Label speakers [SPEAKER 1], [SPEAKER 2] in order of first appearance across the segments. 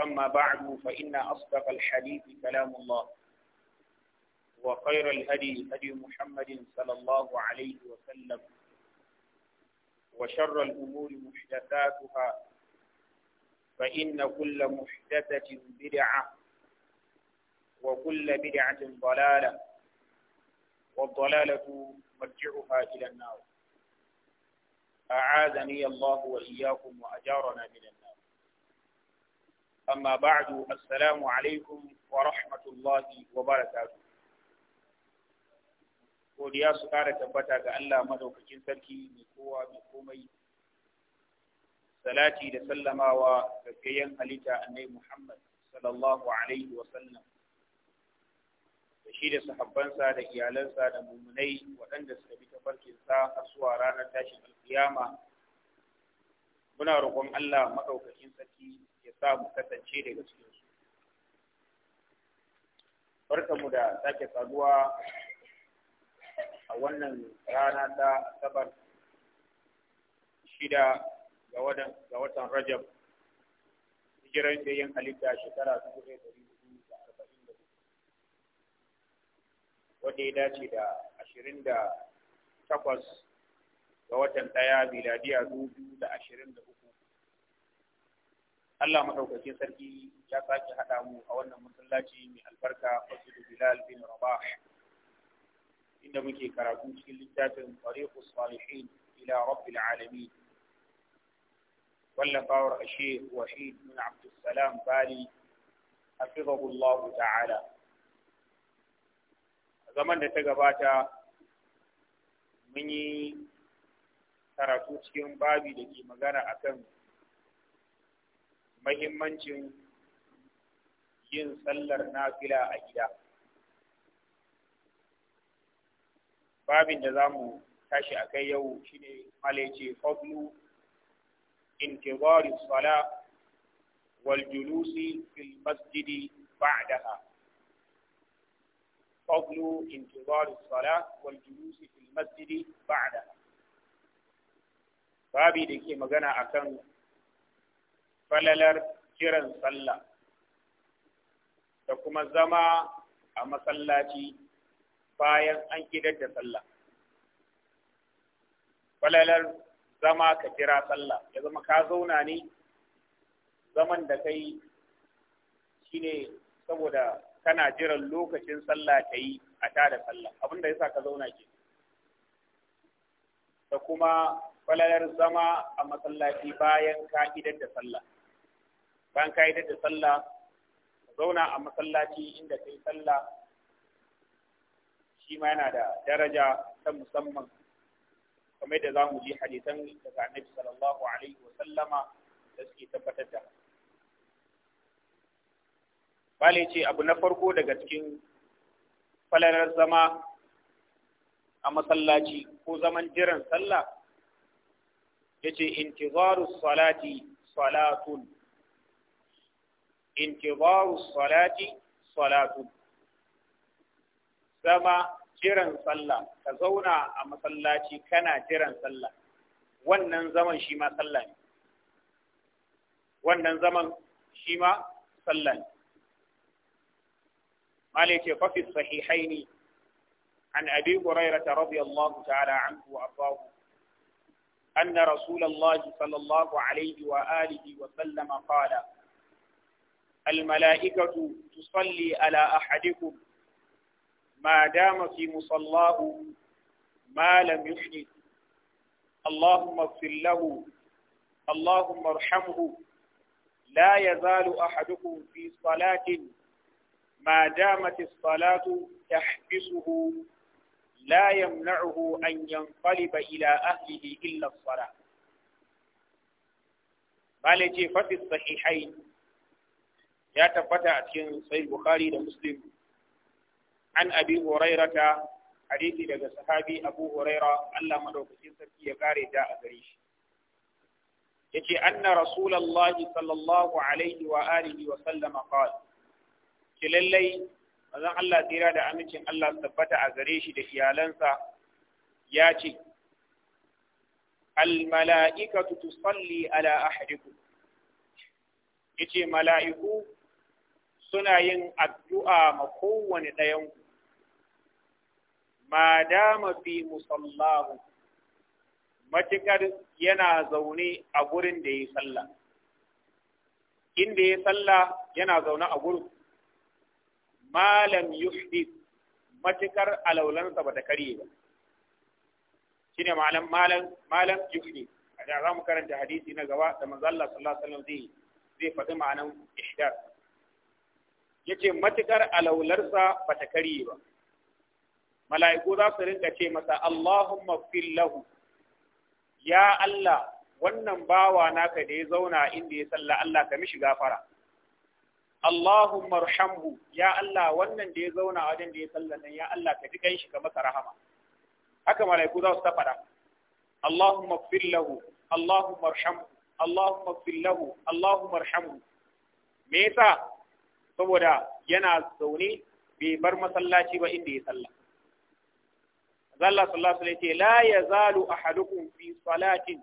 [SPEAKER 1] أما بعد فإن أصدق الحديث كلام الله وخير الهدي هدي محمد صلى الله عليه وسلم وشر الأمور محدثاتها فإن كل محدثة بدعة وكل بدعة ضلالة والضلالة مرجعها إلى النار أعاذني الله وإياكم وأجارنا من النار أما بعد السلام عليكم ورحمة الله وبركاته godiya su ƙara tabbata ga Allah madaukakin sarki mai kowa mai komai salati da sallamawa ga fiyayyen halitta annai Muhammad sallallahu alaihi wa sallam da shi da sahabbansa da iyalansa da mumunai waɗanda suka bi tafarkinsa har zuwa ranar tashin alkiyama muna roƙon Allah madaukakin sarki ya sa mu kasance daga cikin su mu da sake saduwa a wannan rana ta asabar shida ga watan rajab hijiran da yin halitta shekara su ɗaya da dubu da arba'in da wanda ya dace da ashirin da takwas ga watan ɗaya miladiya dubu da ashirin da uku Allah madaukakin sarki ya sake haɗa mu a wannan masallaci mai albarka Masjid Bilal bin Rabah inda muke karatu cikin littafin Tariqus Salihin ila Rabbil Alamin wallafawar ashe Wahid bin Abdul Salam Bali hafizahu Allah ta'ala zaman da ta gabata mun yi karatu cikin babi da ke magana akan mahimmancin yin sallar nafila a gida babin da za mu tashi a kai yau shi ne malece malaice in intibari sala wal julusi fil masjidi ba'daha فضل انتظار الصلاة والجلوس في المسجد بعدها babi da ke magana akan falalar kiran sallah da kuma zama a masallaci bayan an kidar da sallah falalar zama ka kira sallah ya zama ka zauna ne zaman da kai shine saboda kana jiran lokacin sallah ta yi a tada sallah abin yasa ka zauna ke da kuma falalar zama a masallaci bayan ka idar da sallah bayan ka yi da sallah ka zauna a masallaci inda kai sallah shi ma yana da daraja ta musamman kamar da za mu ji hadisan daga annabi sallallahu alaihi wa sallama da suke tabbatar da Bale ce abu na farko daga cikin falalar zama a masallaci ko zaman jiran sallah yace intizaru salati salatun intibaru salati salatu zama jiran sallah ka zauna a masallaci kana jiran sallah wannan zaman shi ma sallah ne wannan zaman shi ma sallah ne malai ce fa fi an abi hurairah radiyallahu ta'ala anhu wa afahu أن رسول الله صلى wa alihi wa sallama قال الملائكة تصلي على أحدكم ما دام في مصلاه ما لم يحدث اللهم اغفر له اللهم ارحمه لا يزال أحدكم في صلاة ما دامت الصلاة تحبسه لا يمنعه أن ينقلب إلى أهله إلا الصلاة قال في الصحيحين ya tabbata a cikin sahih bukhari da muslim an abi hurairata hadisi daga sahabi abu huraira Allah madaukakin sarki ya kare ta a gare shi yace anna rasulullahi sallallahu alaihi wa alihi wa sallama qala ki lallai manzon Allah tsira da amincin Allah tabbata a gare shi da iyalansa ya ce al mala'ikatu tusalli ala ahadikum yace mala'iku suna yin addu'a ma kowane ɗayan ku, ma dama fi musallahu, matuƙar yana zaune a gurin da ya sallah. Inda ya sallah yana zaune a gurin, malam yuhdith matuƙar alaulansa ba ta karye ba. Shi ne malam yuhdith, a za mu karanta hadisi na gaba da manzo Allah sallallahu Alaihi wasallam zai faɗi ma'anan ihdar. yace matukar alaularsa bata karye ba mala'iku za su rinka ce masa Allahumma fillahu. ya Allah wannan bawa naka da ya zauna inda ya salla Allah ka mishi gafara Allahumma arhamhu ya Allah wannan da ya zauna a wajen da ya salla nan ya Allah ka ji shi ka masa rahama haka mala'iku za su ta faɗa Allahumma fillahu! Allahumma arhamhu Allahumma fillahu! Allahumma arhamhu me yasa saboda yana zaune bai bar masallaci ba inda ya sallah zalla sallallahu alaihi ce la zalu ahadukum fi salatin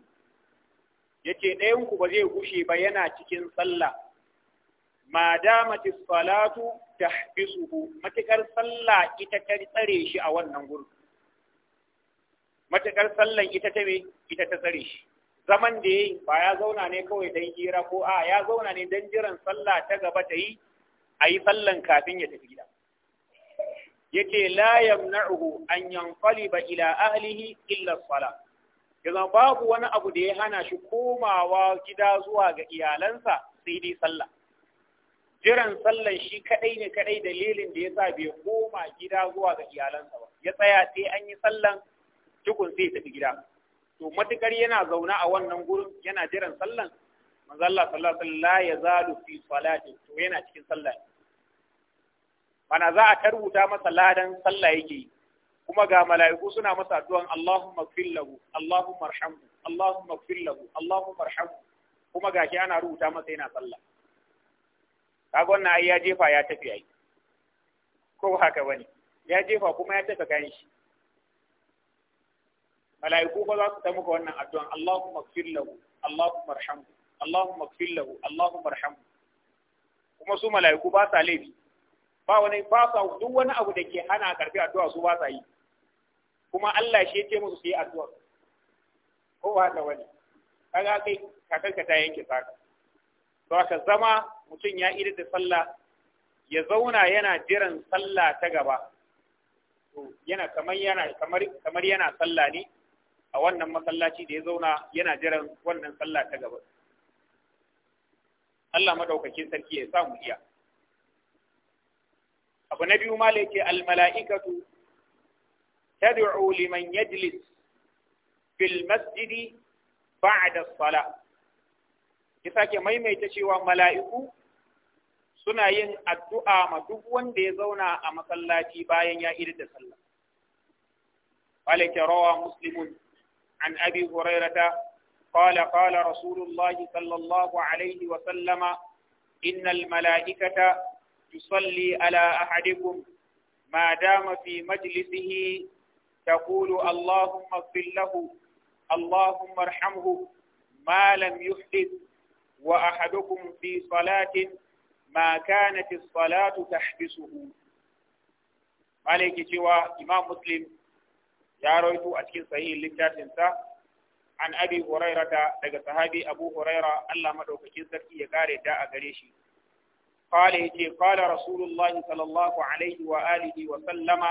[SPEAKER 1] yace ɗayanku ku ba zai gushe ba yana cikin sallah ma damati salatu tahbisuhu matakar sallah ita ta tsare shi a wannan gurin matakar sallan ita ta me ita ta tsare shi zaman da yayi ba ya zauna ne kawai dan hira ko a ya zauna ne dan jiran sallah ta gaba ta yi a yi sallan kafin ya tafi gida yace la yamna'uhu an ba ila ahlihi illa as-sala yanzu babu wani abu da ya hana shi komawa gida zuwa ga iyalansa sai dai sallah jiran sallan shi kadai ne kadai dalilin da ya sa bai koma gida zuwa ga iyalansa ba ya tsaya sai an yi sallan tukun sai tafi gida to matukar yana zauna a wannan gurin yana jiran sallan manzo Allah sallallahu alaihi wasallam ya zalu fi salati to yana cikin sallah mana za a tarbuta masa ladan sallah yake yi kuma ga mala'iku suna masa addu'an Allahumma ighfir lahu Allahumma arhamhu Allahumma ighfir lahu Allahumma arhamhu kuma shi ana rubuta masa yana sallah kaga wannan ai ya jefa ya tafi ai ko haka bane ya jefa kuma ya tafi kan shi mala'iku ba za su ta muku wannan addu'an Allahumma ighfir lahu Allahumma arhamhu Allahumma ighfir lahu Allahumma arhamhu kuma su mala'iku ba sa laifi ba wani ba sa duk wani abu da ke hana karfi addu'a su ba sa yi kuma Allah shi ya ce musu su yi addu'a ko ba da wani kaga kai kakanka ta yanke saka to aka zama mutum ya iri da sallah ya zauna yana jiran sallah ta gaba to yana kamar yana kamar kamar yana sallah ne a wannan masallaci da ya zauna yana jiran wannan sallah ta gaba Allah madaukakin sarki ya sa mu iya abu na biyu mala almala'ikatu tad'u liman yajlis fil masjidi ba'da as-salah ya sake maimaita cewa mala'iku suna yin addu'a ma duk wanda ya zauna a masallaci bayan ya iri da sallah. Wale rawa muslimun an abi hurairata, kala kala Rasulullah sallallahu Alaihi wasallama, innal mala'ikata يصلي على أحدكم ما دام في مجلسه تقول اللهم اغفر له اللهم ارحمه ما لم يحدث وأحدكم في صلاة ما كانت الصلاة تحبسه عليك سوى إمام مسلم يا رويت أتكين صحيح للتاسنسة عن أبي هريرة لقى صحابي أبو هريرة الله مدعوك كنسك يقاري داء قريشي قال يتي قال رسول الله صلى الله عليه وآله وسلم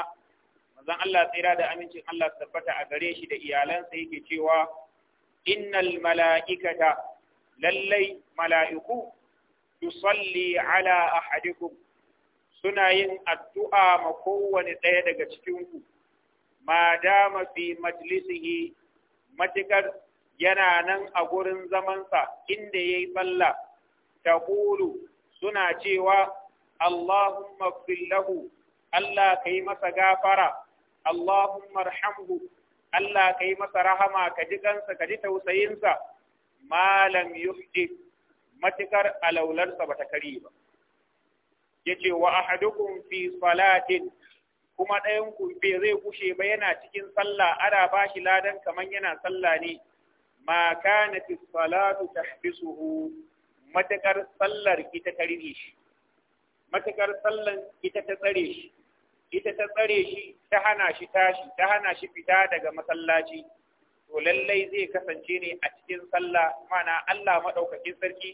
[SPEAKER 1] manzon Allah tsira da amincin Allah tabbata a gare shi da iyalansa yake cewa Inna mala'ikata lallai mala'iku yusalli ala ahadikum suna yin addu'a ma kowane ɗaya daga cikinku ma dama fi majlisihi matukar yana nan a gurin zamansa inda ya yi tsalla ta ƙulu suna cewa Allahumma lahu Allah ka yi masa gafara, Allahumma rahamhu, Allah ka yi masa rahama ka ji kansa ka ji tausayinsa, malam yuhdi matukar alaularsa ba ta kari ba. Ya ce wa ahadukum fi salatin kuma ɗayan kumfe zai kushe ba yana cikin sallah ana ba shi ladan kamar yana sallah ne ma kana fi salatu matakar sallar ita ta rige shi matakar sallan ita ta tsare shi ita ta tsare shi ta hana shi tashi ta hana shi fita daga masallaci to lallai zai kasance ne a cikin sallah mana Allah madaukakin sarki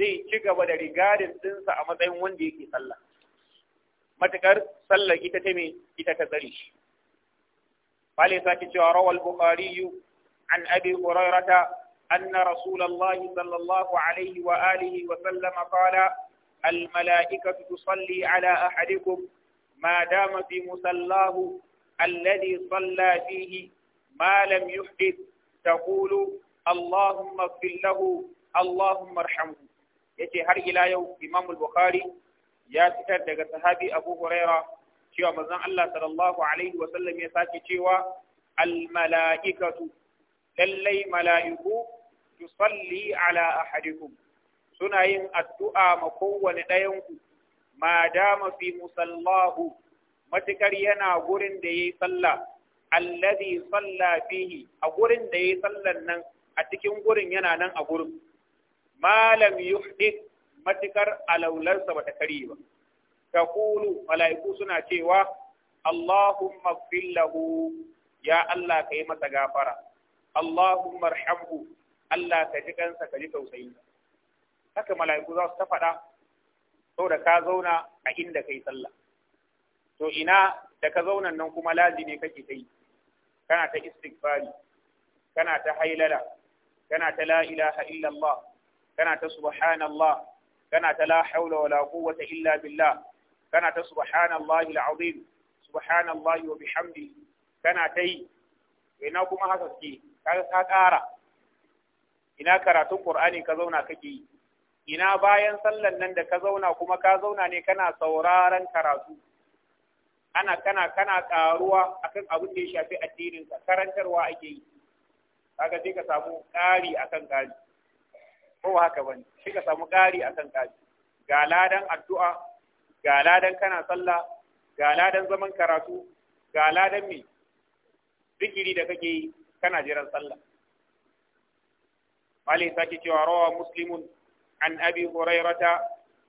[SPEAKER 1] zai ci gaba da rigadin dinsa a matsayin wanda yake sallah matakar sallar ita ta me ita ta tsare shi bale sake cewa rawal bukhari an abi hurairata أن رسول الله صلى الله عليه وآله وسلم قال الملائكة تصلي على أحدكم ما دام في مسلاه الذي صلى فيه ما لم يحدث تقول اللهم اغفر له اللهم ارحمه yace har ila yau Imam al-Bukhari ya fitar daga sahabi Abu Huraira cewa manzon Allah sallallahu alaihi wa sallam ya saki cewa almala'ikatu lallai mala'iku salli ala ahadikum suna yin addu'a ma kowane ɗayan ku ma dama fi musallahu matukar yana gurin da yayi sallah alladhi salla fihi a gurin da yayi sallan nan a cikin gurin yana nan a gurin malam yuhdith matukar alaularsa bata kare ba taqulu malaiku suna cewa Allahumma fillahu, ya Allah kai masa gafara Allahumma arhamhu Allah ka ji kansa ka ji tausayi haka mala'iku za su ta faɗa da ka zauna a inda kai sallah to ina da ka zauna nan kuma lazimi kake ta yi kana ta istighfari kana ta hailala kana ta la ilaha illallah kana ta subhanallah kana ta la haula wala quwwata illa billah kana ta subhanallahi alazim Subhanallah wa bihamdi? kana ta yi ina kuma haka ke kaga ka ƙara ina karatun qur'ani ka zauna kake yi ina bayan sallan nan da ka zauna kuma ka zauna ne kana sauraron karatu ana kana kana karuwa akan abin da ya shafi addinin ka karantarwa ake yi kaga sai ka samu ƙari akan ƙari ko haka bane sai ka samu ƙari akan ƙari ga ladan addu'a ga ladan kana sallah ga ladan zaman karatu ga ladan me zikiri da kake yi kana jiran sallah malai sake cewa rawa muslimun an abi hurairata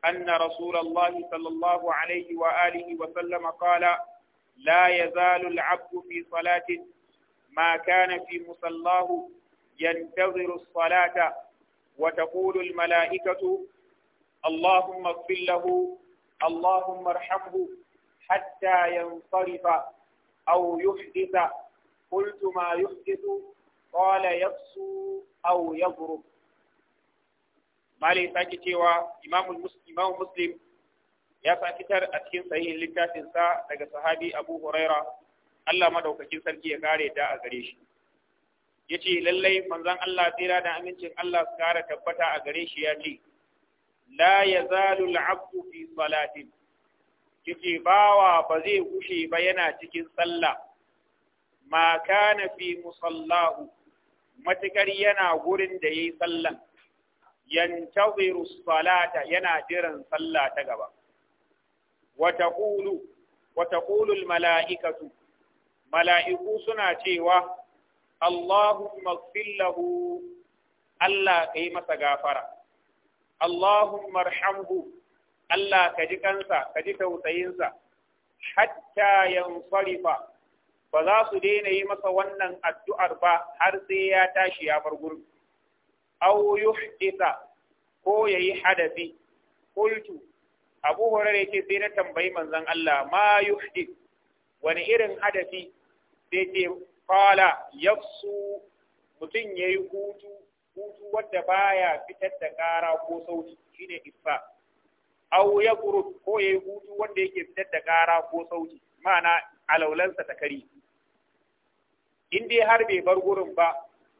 [SPEAKER 1] anna rasulullahi sallallahu alaihi wa alihi wa sallama qala la yazalu al-'abdu fi salatin ma kana fi musallahu yantaziru as-salata wa malaikatu اللهم اغفر له اللهم hatta حتى ينصرف أو يحدث قلت ما يحدث qala yaksu aw yaghrub malai sake cewa Imam muslim ya sa fitar a cikin sahihin littafin sa daga sahabi abu huraira Allah madaukakin sarki ya kare da a gare shi yace lallai manzon Allah tsira da amincin Allah su kare tabbata a gare shi ya ce la yazalu al-abdu fi salatin kike bawa ba zai gushe ba yana cikin sallah ma kana fi musallahu matukar yana gurin da yayi sallan yantaziru salata yana jiran sallah ta gaba wa taqulu mala'ikatu mala'iku suna cewa Allahumma fillahu, Allah ka yi masa gafara Allahumma arhamhu Allah ka ji kansa ka ji tausayinsa hatta yansarifa ba za su daina yi masa wannan addu'ar ba har sai ya tashi ya bar gurbi. aw yuhditha ko yayi hadasi qultu abu hurairah yake sai na tambayi manzon Allah ma yuhdith wani irin hadasi sai ce qala yafsu mutun yayi hutu hutu wanda baya fitar da kara ko sauti shine isfa aw yaqrud ko yayi hutu wanda yake fitar da kara ko sauti ma'ana alaulansa ta kari in dai har bai bar gurin ba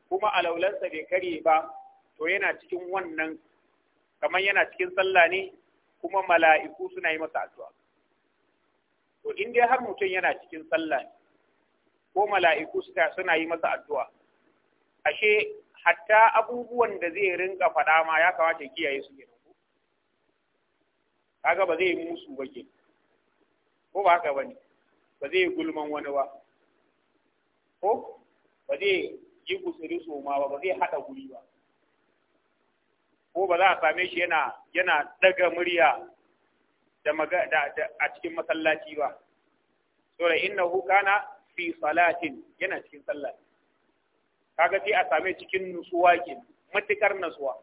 [SPEAKER 1] kuma alaulansa bai kare ba to yana cikin wannan kamar yana cikin sallah ne kuma mala'iku suna yi masa addu'a to in dai har mutum yana cikin sallah ne ko mala'iku suna yi masa addu'a ashe hatta abubuwan da zai rinka faɗa ma ya kamata kiyaye su ne kaga ba zai musu ba ke ko ba haka bane ba zai gulman wani ba ko ba zai yi gusuri su ma ba ba zai haɗa guri ba ko ba za a same shi yana yana daga murya da maga da, a cikin masallaci ba saboda innahu kana fi salatin yana cikin sallah kaga sai a same cikin nusuwa ke matukar nutsuwa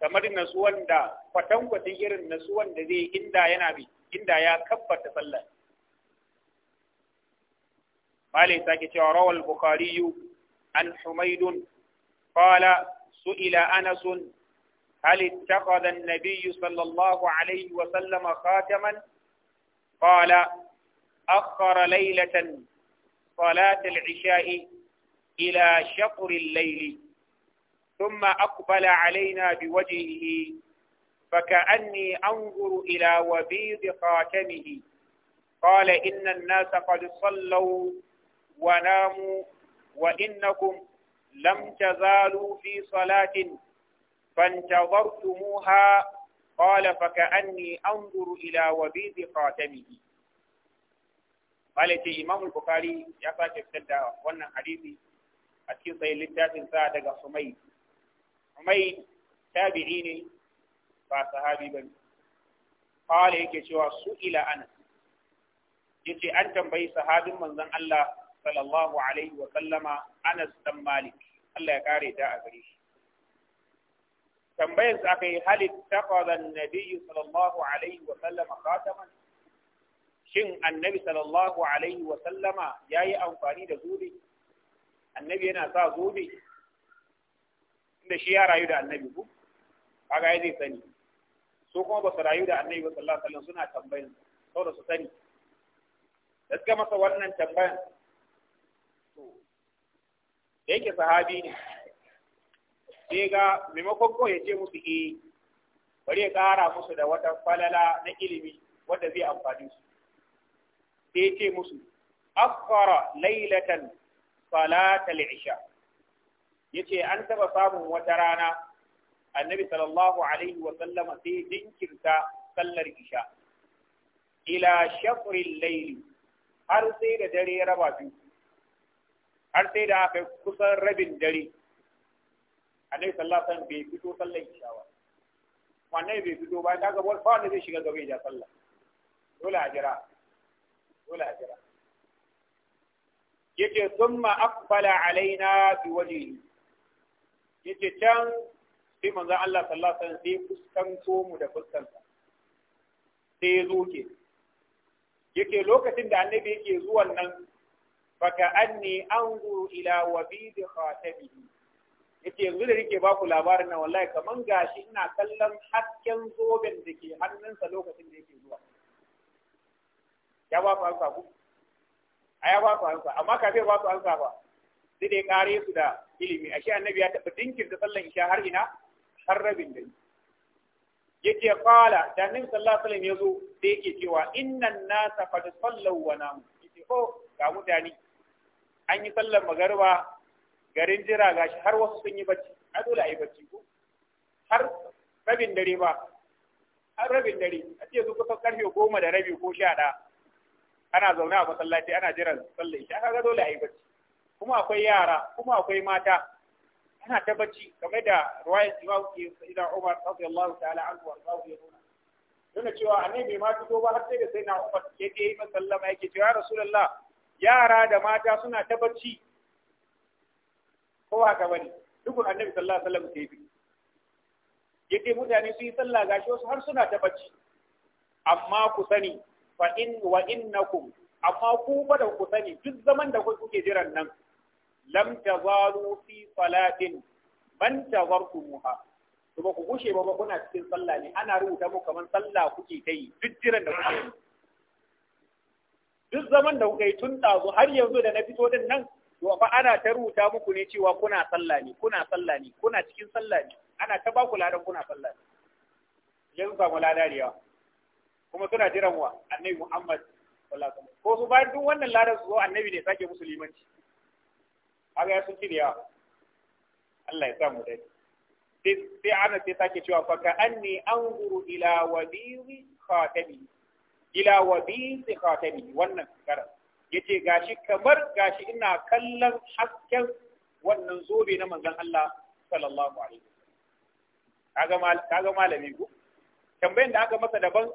[SPEAKER 1] kamar nasuwan da kwatankwatin irin nasuwan da zai inda yana bi inda ya kabbata sallah قال sake روى البخاري عن حميد قال سئل أنس هل اتخذ النبي صلى الله عليه وسلم خاتما قال أخر ليلة صلاة العشاء إلى شطر الليل ثم أقبل علينا بوجهه فكأني أنظر إلى وبيض خاتمه قال إن الناس قد صلوا وناموا وإنكم لم تزالوا في صلاة فانتظرتموها قال فكأني أنظر إلى وبيض خاتمه قال تي إمام البخاري يا ساكت سدى وانا حديثي أتكين صحيح للتاسع ساعة حميد حميد تابعين فصحابي بني قال يكي شوى سئل أنس yace بي صحابي من ذن الله sallallahu alaihi wa sallama Anas dan Malik Allah ya kare ta a gare shi tambayar sa kai hal ittakhadha an-nabiy sallallahu alaihi wa sallama shin annabi sallallahu alaihi wa sallama yayi amfani da zubi annabi yana sa zubi inda shi ya rayu da annabi ku kaga yayi sani su kuma ba su rayu da annabi suna sani da suka masa wannan tambayan da yake sahabi ne sai ga maimakon ko ya ce musu eh bari ya ƙara musu da wata falala na ilimi wanda zai amfani su sai ya ce musu akhara lailatan salatal isha yace an taba samun wata rana annabi sallallahu alaihi wa sallama sai dinkirta sallar isha ila Shafrin layli har sai da dare ya raba biyu har sai da aka kusan rabin dare annabi sallallahu alaihi wasallam bai fito sallar isha ba wannan bai fito ba ta gabar fa wanda zai shiga gaba ya sallah dole a jira dole a jira yace thumma aqbala alaina bi wajhihi yace can sai manzo Allah sallallahu alaihi wasallam sai fuskanto mu da fuskansa sai ya zo ke yake lokacin da annabi yake zuwan nan فكأني أنظر إلى وبيد خاتمه yake yanzu da nake baku labarin nan wallahi kaman gashi ina kallon hasken zoben da ke hannunsa lokacin da yake zuwa ya ba ku ansa ku a ya ba ku ansa amma kafin ba su ansa ba sai dai kare su da ilimi ashe annabi ya taɓa da sallan isha har ina har rabin dare yake fala da nan sallallahu alaihi wasallam yazo da yake cewa innan nasa fa sallaw wa nam yake ko ga mutane an yi sallar magariba garin jira gashi har wasu sun yi bacci a dole a yi bacci ko har rabin dare ba har rabin dare a ce su kusa karfe goma da rabi ko sha ɗaya ana zaune a masallaci ana jiran sallar isha kaga dole a yi bacci kuma akwai yara kuma akwai mata ana ta bacci game da ruwayar imam idan umar radiyallahu ta'ala anhu wa radiyahu ya nuna nuna cewa annabi ma fito ba har sai da sai na umar ya je yi ya yake cewa rasulullah yara da mata suna ta bacci ko haka bane dukun annabi sallallahu alaihi wasallam ke bi yake mutane su yi sallah gashi wasu har suna ta bacci amma ku sani fa in wa innakum amma ku ba da ku sani duk zaman da kuke jiran nan lam tazalu fi salatin man tazartumuha to ba ku gushe ba kuna cikin sallah ne ana rubuta muku kaman sallah kuke ta yi duk jiran da kuke duk zaman da kuka yi tun ɗazu har yanzu da na fito din nan to fa ana ta rubuta muku ne cewa kuna sallah ne kuna sallah ne kuna cikin sallah ne ana ta ba ku ladan kuna sallah ne yanzu ba mu ladan yawa kuma suna jiran wa annabi Muhammad sallallahu alaihi wasallam ko su bayan duk wannan ladan su zo annabi ne sake musulmanci kaga ya sun ci da yawa Allah ya sa mu dai sai ana sai sake cewa fa ka anni anzuru ila wadiwi khatibi ila wabisi khatami wannan sigarar yace gashi kamar gashi ina kallon hasken wannan zobe na manzon Allah sallallahu alaihi wasallam kaga malami ku tambayan da aka masa daban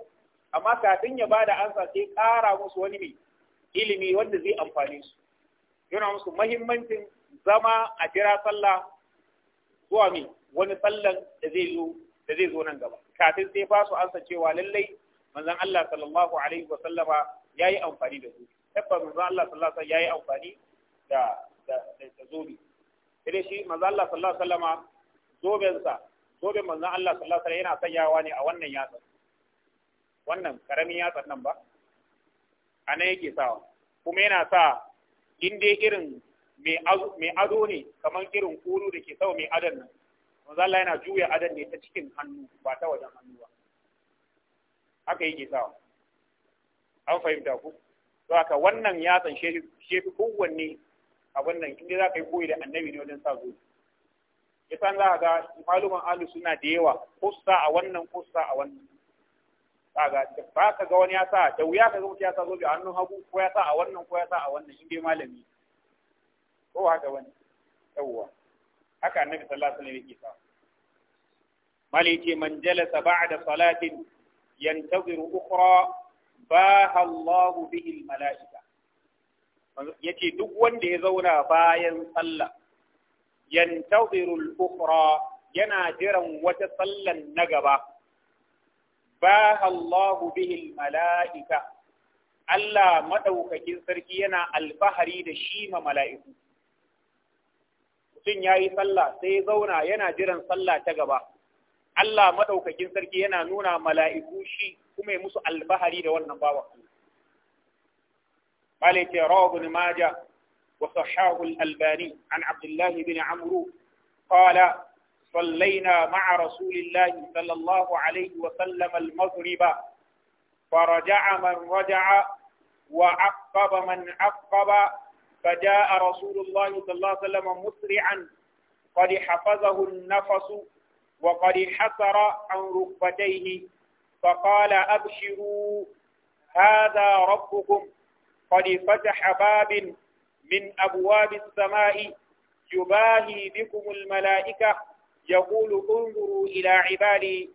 [SPEAKER 1] amma kafin ya bada ansa sai kara musu wani mai ilimi wanda zai amfane su yana musu mahimmancin zama a jira sallah zuwa mai wani sallan da zai zo da zai zo nan gaba kafin sai fasu ansa cewa lallai manzon Allah sallallahu alaihi wa sallama yi amfani da su tabbas manzon Allah sallallahu alaihi yi amfani da da da zobe sai shi manzon Allah sallallahu alaihi wasallama zoben sa zoben manzon Allah sallallahu alaihi yana sanyawa ne a wannan yatsa wannan karamin yatsa nan ba anan yake sawa kuma yana sa in dai irin mai ado ne kamar irin kuru da ke sau mai adon nan manzon Allah yana juya adon ne ta cikin hannu ba ta wajen hannu ba haka yake sawa an fahimta ku to haka wannan yatsan shefi kowanne a wannan inda za ka yi koyi da annabi ne wajen sa zuci ya san za ga maluman alu suna da yawa kusa a wannan kusa a wannan kaga da ba ka ga wani ya sa da wuya ka ga mutum ya sa zobe a hannun hagu ko ya sa a wannan ko ya sa a wannan in dai malami ko haka wani yawwa haka annabi sallallahu alaihi wasallam yake sa mali ce man jalasa ba'da salatin yantaziru ukhra baha Allahu bihi malaika yace duk wanda ya zauna bayan sallah yantaziru al-ukhra yana jiran wata sallar na gaba baha Allahu malaika Allah maɗaukakin sarki yana alfahari da shi ma mala'iku mutum ya yi sallah sai ya zauna yana jiran sallah ta gaba Allah madaukakin sarki yana nuna mala’iku shi kuma yi musu albahari da wannan bawa ƙalite rahu ni maja wa sahahu albani an abdullahi bin amru qala sallaina ma'a rasulillahi sallallahu alaihi wa sallam al-maghriba fa raja'a man raja'a wa aqaba man aqaba fa jaa rasulullahi sallallahu alaihi wa sallam musri'an qad hafazahu an-nafsu وقد انحسر عن ركبتيه فقال أبشروا هذا ربكم قد فتح باب من أبواب السماء يباهي بكم الملائكة يقول انظروا إلى عبادي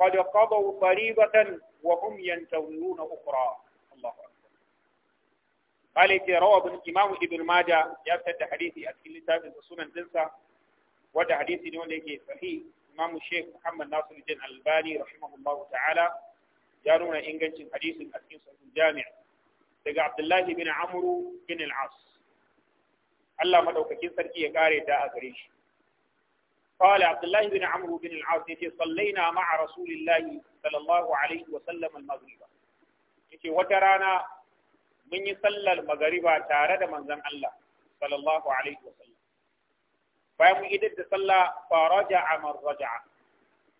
[SPEAKER 1] قد قضوا قريبة وهم ينتظرون أخرى الله أكبر قال روى الإمام ابن ماجه يفتح حديثي أتكلم في السنن تنسى وده حديثي دون صحيح imamu sheikh muhammad nasiruddin albani rahimahullahu ta'ala ya nuna ingancin hadisin a cikin sahih jami' daga abdullahi bin amru bin al-as Allah madaukakin sarki ya kare da a gare shi قال عبد الله بن عمرو بن العاص صلينا مع رسول الله صلى الله عليه وسلم المغرب yace wata rana mun yi sallar magariba tare da manzon Allah sallallahu alaihi wasallam bayan mun idar da sallah fa raja'a man raja'a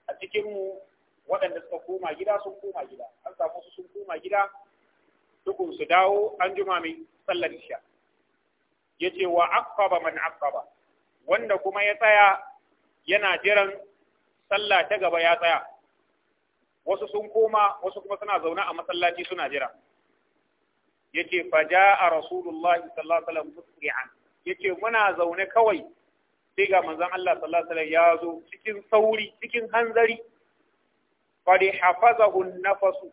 [SPEAKER 1] a cikin mu waɗanda suka koma gida sun koma gida an samu su sun koma gida dukun su dawo an juma mai sallar isha yace wa aqaba man aqaba wanda kuma ya tsaya yana jiran sallah ta gaba ya tsaya wasu sun koma wasu kuma suna zaune a masallaci suna jira yace faja'a rasulullahi sallallahu alaihi wasallam musri'an yace muna zaune kawai sai ga manzan Allah sallallahu alaihi ya zo cikin sauri cikin hanzari fari hafazahu nafasu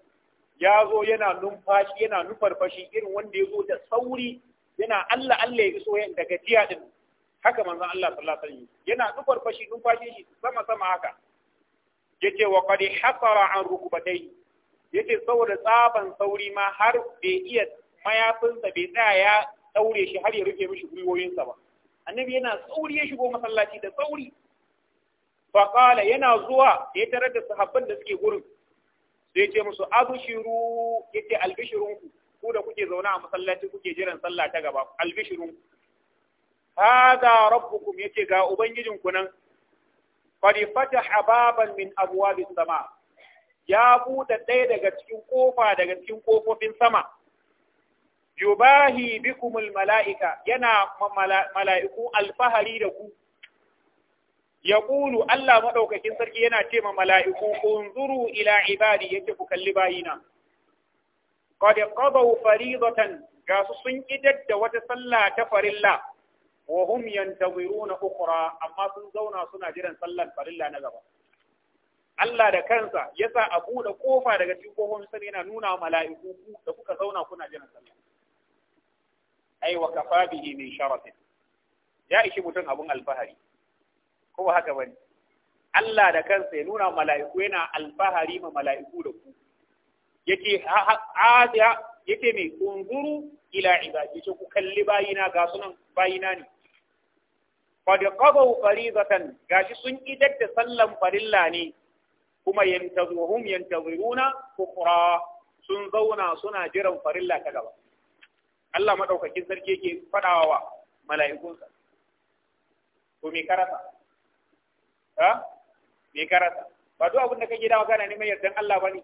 [SPEAKER 1] ya zo yana numfashi yana nufarfashi irin wanda ya zo da sauri yana Allah Allah ya iso da gajiya din haka manzan Allah sallallahu alaihi yana nufarfashi numfashi shi sama sama haka yake wa qad hasara an rukubatayhi yake saboda tsaban sauri ma har bai iya mayafinsa bai tsaya ya daure shi har ya rufe mishi gwiwoyinsa ba annabi yana tsauri ya shigo masallaci da tsauri faƙala yana zuwa da ya tarar da sahabban da suke gurin sai ce musu abushiru ya ce albishirunku ku da kuke zaune a masallaci kuke jiran sallah ta gaba albishirunku hada rabbukum ya ce ga ubangijinku nan fari fataha baban min abwabis sama ya buɗe ɗaya daga cikin kofa daga cikin kofofin sama yubahi bikumul mala'ika yana mala'iku alfahari da ku ya ƙulu Allah maɗaukakin sarki yana ce ma mala'iku unzuru ila ibadi yake ku kalli bayina Kada qad qadaw faridatan ga su sun idar da wata sallah ta farilla wa hum yantaziruna ukura, amma sun zauna suna jiran sallar farilla na gaba Allah da kansa ya sa a buɗe kofa daga cikin sani yana nuna mala'iku da kuka zauna kuna jiran ai wa kafa bihi min sharatin ya ishi mutum abun alfahari ko ba haka bane Allah da kansa ya nuna mala'iku yana alfahari ma mala'iku da ku yake hadiya yake ne kunzuru ila ibadi ku kalli bayina ga sunan bayina ne qad qadaw fariidatan gashi sun idar da sallan farilla ne kuma yantazuhum yantaziruna ukhra sun zauna suna jiran farilla ta gaba Allah maɗaukakin sarki yake faɗawa wa mala'ikunsa to me karasa ha me karasa ba duk abin da kake dawa kana neman yardan Allah ba ne.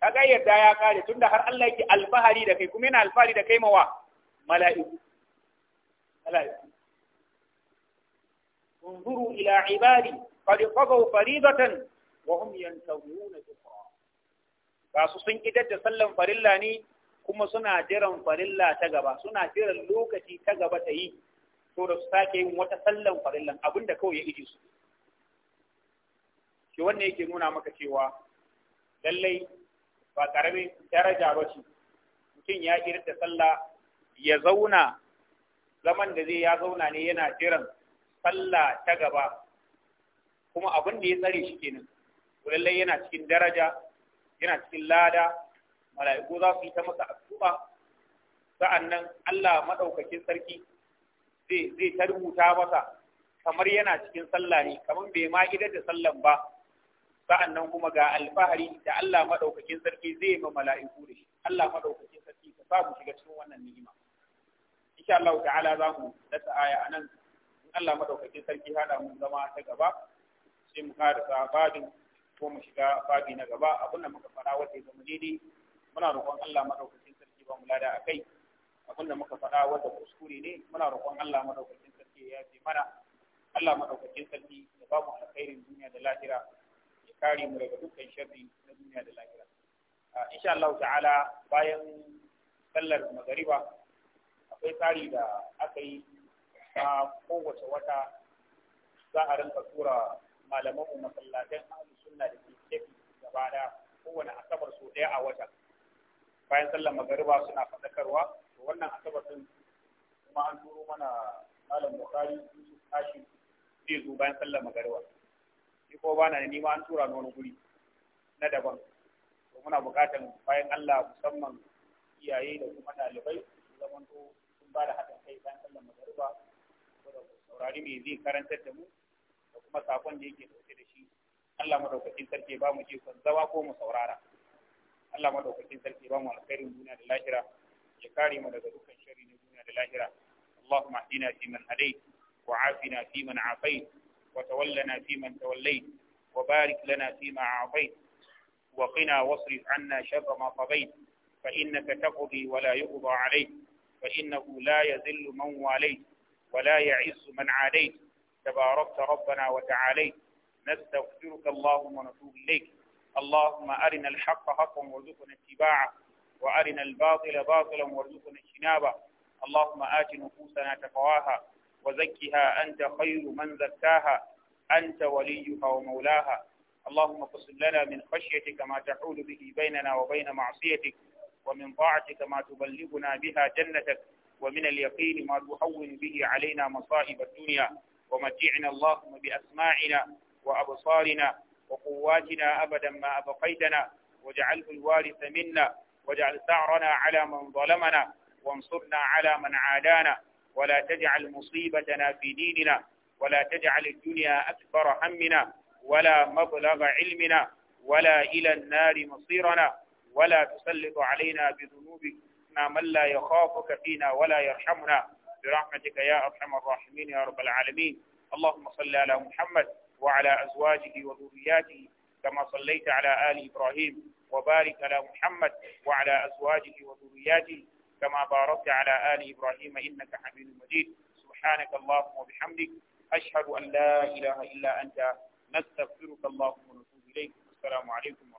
[SPEAKER 1] Ta ga yarda ya kare da har Allah yake alfahari da kai kuma yana alfahari da kai mawa mala'iku mala'iku fagau fari zaton, قد قضوا فريضة وهم Ba su فاسو idar da sallan farilla ne. kuma suna jiran farilla ta gaba suna jiran lokaci ta gaba ta yi to da su sake yin wata sallan farillan abinda kawai ya iji su shi wannan yake nuna maka cewa lallai ba karamin daraja ba ce mutum ya kirta sallah ya zauna zaman da zai ya zauna ne yana jiran sallah ta gaba kuma abinda ya tsare shi kenan lallai yana cikin daraja yana cikin lada mala'iku za su yi ta masa addu'a sa'annan Allah madaukakin sarki zai zai ta rubuta masa kamar yana cikin sallah ne kamar bai ma idar da sallan ba sa'annan kuma ga alfahari da Allah madaukakin sarki zai ma mala'iku da shi Allah madaukakin sarki ka sa mu shiga cikin wannan ni'ima insha Allah ta'ala za mu dasa aya A nan, in Allah madaukakin sarki hada mu zama ta gaba sai mu karasa babin ko mu shiga babi na gaba abin da muka fara wata zama daidai muna roƙon Allah madaukakin sarki ba mu lada akai abin da muka faɗa wanda kuskure ne muna roƙon Allah madaukakin sarki ya yafe mana Allah madaukakin sarki ya ba mu alkhairin duniya da lahira ya kare mu daga dukkan sharri na duniya da lahira insha Allah ta'ala bayan sallar magariba akwai tsari da aka yi a kowace wata za a rinka tura malaman masallatan ahlus sunna da ke tafi gaba da kowane asabar so daya a wata bayan sallar magariba suna fadakarwa to wannan asabar din kuma an turo mana malam bukari yusuf zai zo bayan sallar magariba ni ko bana ni ma an tura ni wani guri na daban to muna bukatan bayan Allah musamman iyaye da kuma ɗalibai zaman to sun ba da haɗin kai bayan sallar magariba saboda saurari mai zai karantar da mu da kuma sakon da yake dauke da shi Allah madaukakin sarki ba mu kan zawa ko mu saurara Allah madaukakin sarki ba mu alkhairin duniya da lahira ya kare mu daga dukkan sharri na duniya da lahira اللهم اهدنا فيمن هديت وعافنا فيمن عافيت وتولنا فيمن توليت وبارك لنا فيما أعطيت وقنا واصرف عنا شر ما قضيت فإنك تقضي ولا يقضى عليك فإنه لا يذل من واليت ولا يعز من عاديت تباركت ربنا وتعاليت نستغفرك اللهم ونتوب إليك اللهم أرنا الحق حقا وارزقنا اتباعه وأرنا الباطل باطلا وارزقنا اجتنابه اللهم آت نفوسنا تقواها وزكها أنت خير من زكاها أنت وليها ومولاها اللهم اقسم لنا من خشيتك ما تحول به بيننا وبين معصيتك ومن طاعتك ما تبلغنا بها جنتك ومن اليقين ما تهون به علينا مصائب الدنيا ومتعنا اللهم بأسماعنا وأبصارنا وقواتنا أبدا ما أبقيتنا واجعله الوارث منا واجعل ثأرنا على من ظلمنا وانصرنا على من عادانا ولا تجعل مصيبتنا في ديننا ولا تجعل الدنيا أكبر همنا ولا مبلغ علمنا ولا إلى النار مصيرنا ولا تسلط علينا بذنوبنا من لا يخافك فينا ولا يرحمنا برحمتك يا أرحم الراحمين يا رب العالمين اللهم صل على محمد وعلى أزواجه وذرياته كما صليت على آل إبراهيم وبارك على محمد وعلى أزواجه وذرياته كما باركت على آل إبراهيم إنك حميد مجيد سبحانك اللهم وبحمدك أشهد أن لا إله إلا أنت نستغفرك اللهم ونتوب إليك السلام عليكم